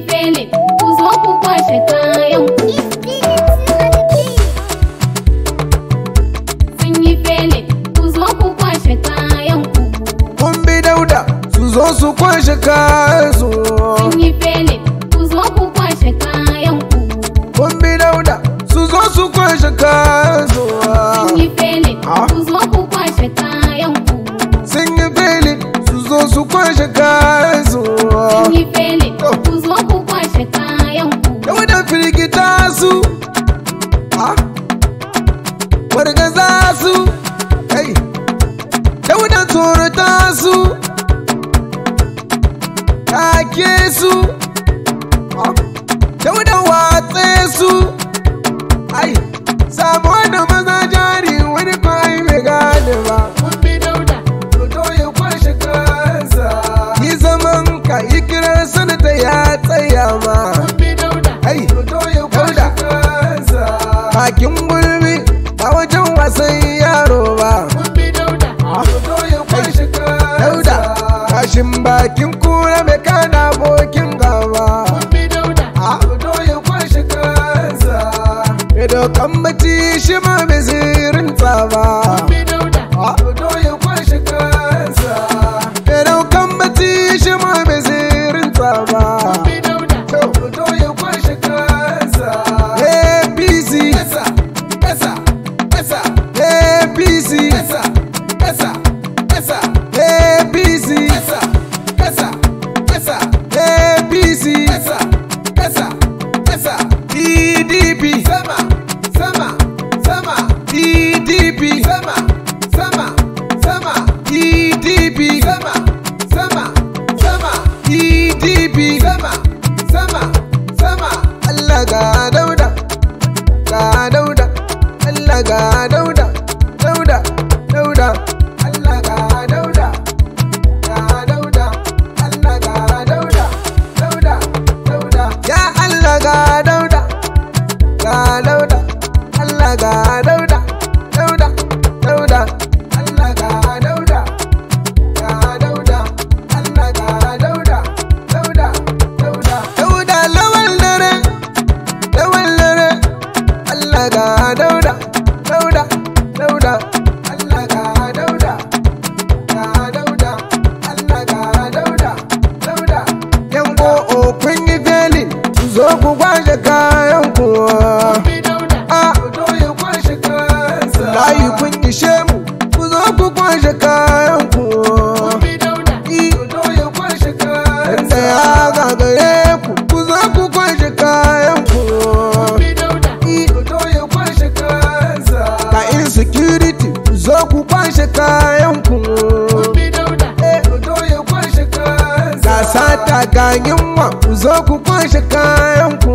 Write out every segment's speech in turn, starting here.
de su take su ah, dauda watse su ai samu wani maza jari wani kwayi mai gane ba Dauda kwashe yi zaman ka yi kiran sanata ya tsaya ma ai dauda bakin gudu ga dauda Allah ga dauda dauda dauda Allah ga dauda ga dauda Allah ga dauda dauda dauda dauda lawan dare lawan dare Allah ga dauda dauda dauda sata gayin wa zo ku kwashe kayan ku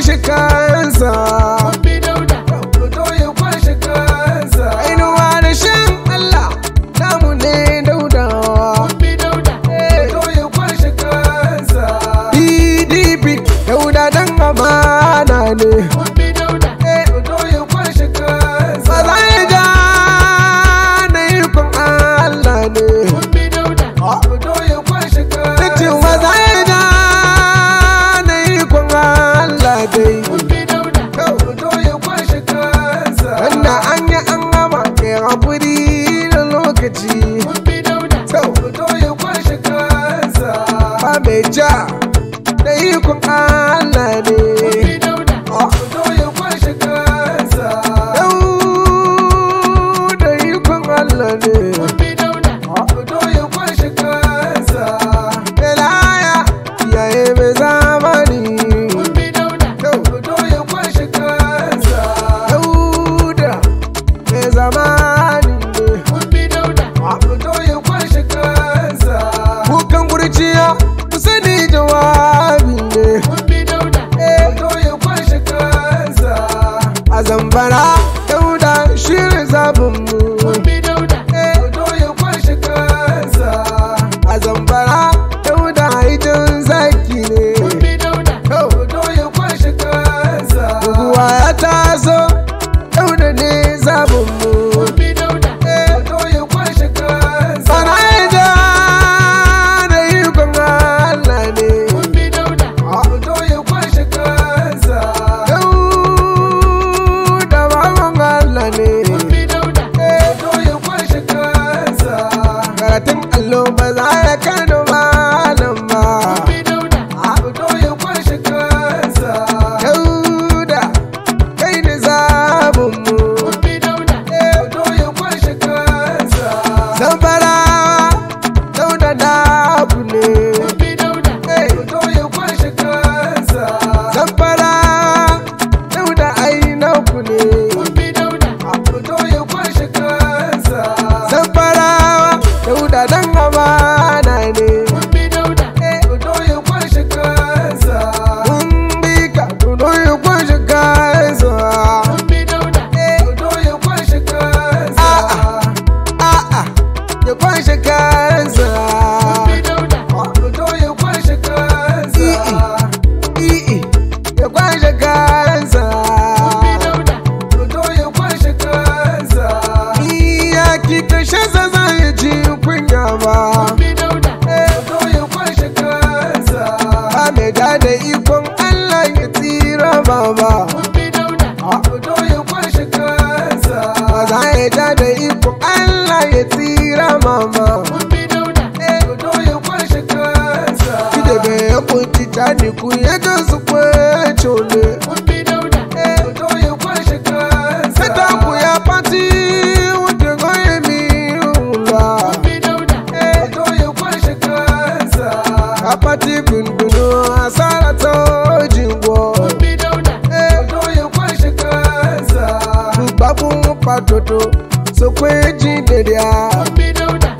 bashi kayansa perde. baba Abdo ya kwashe kansa Maza ya da iko Allah ya tsira mama dodo so kwe ji dede a. Ah. Omi doda.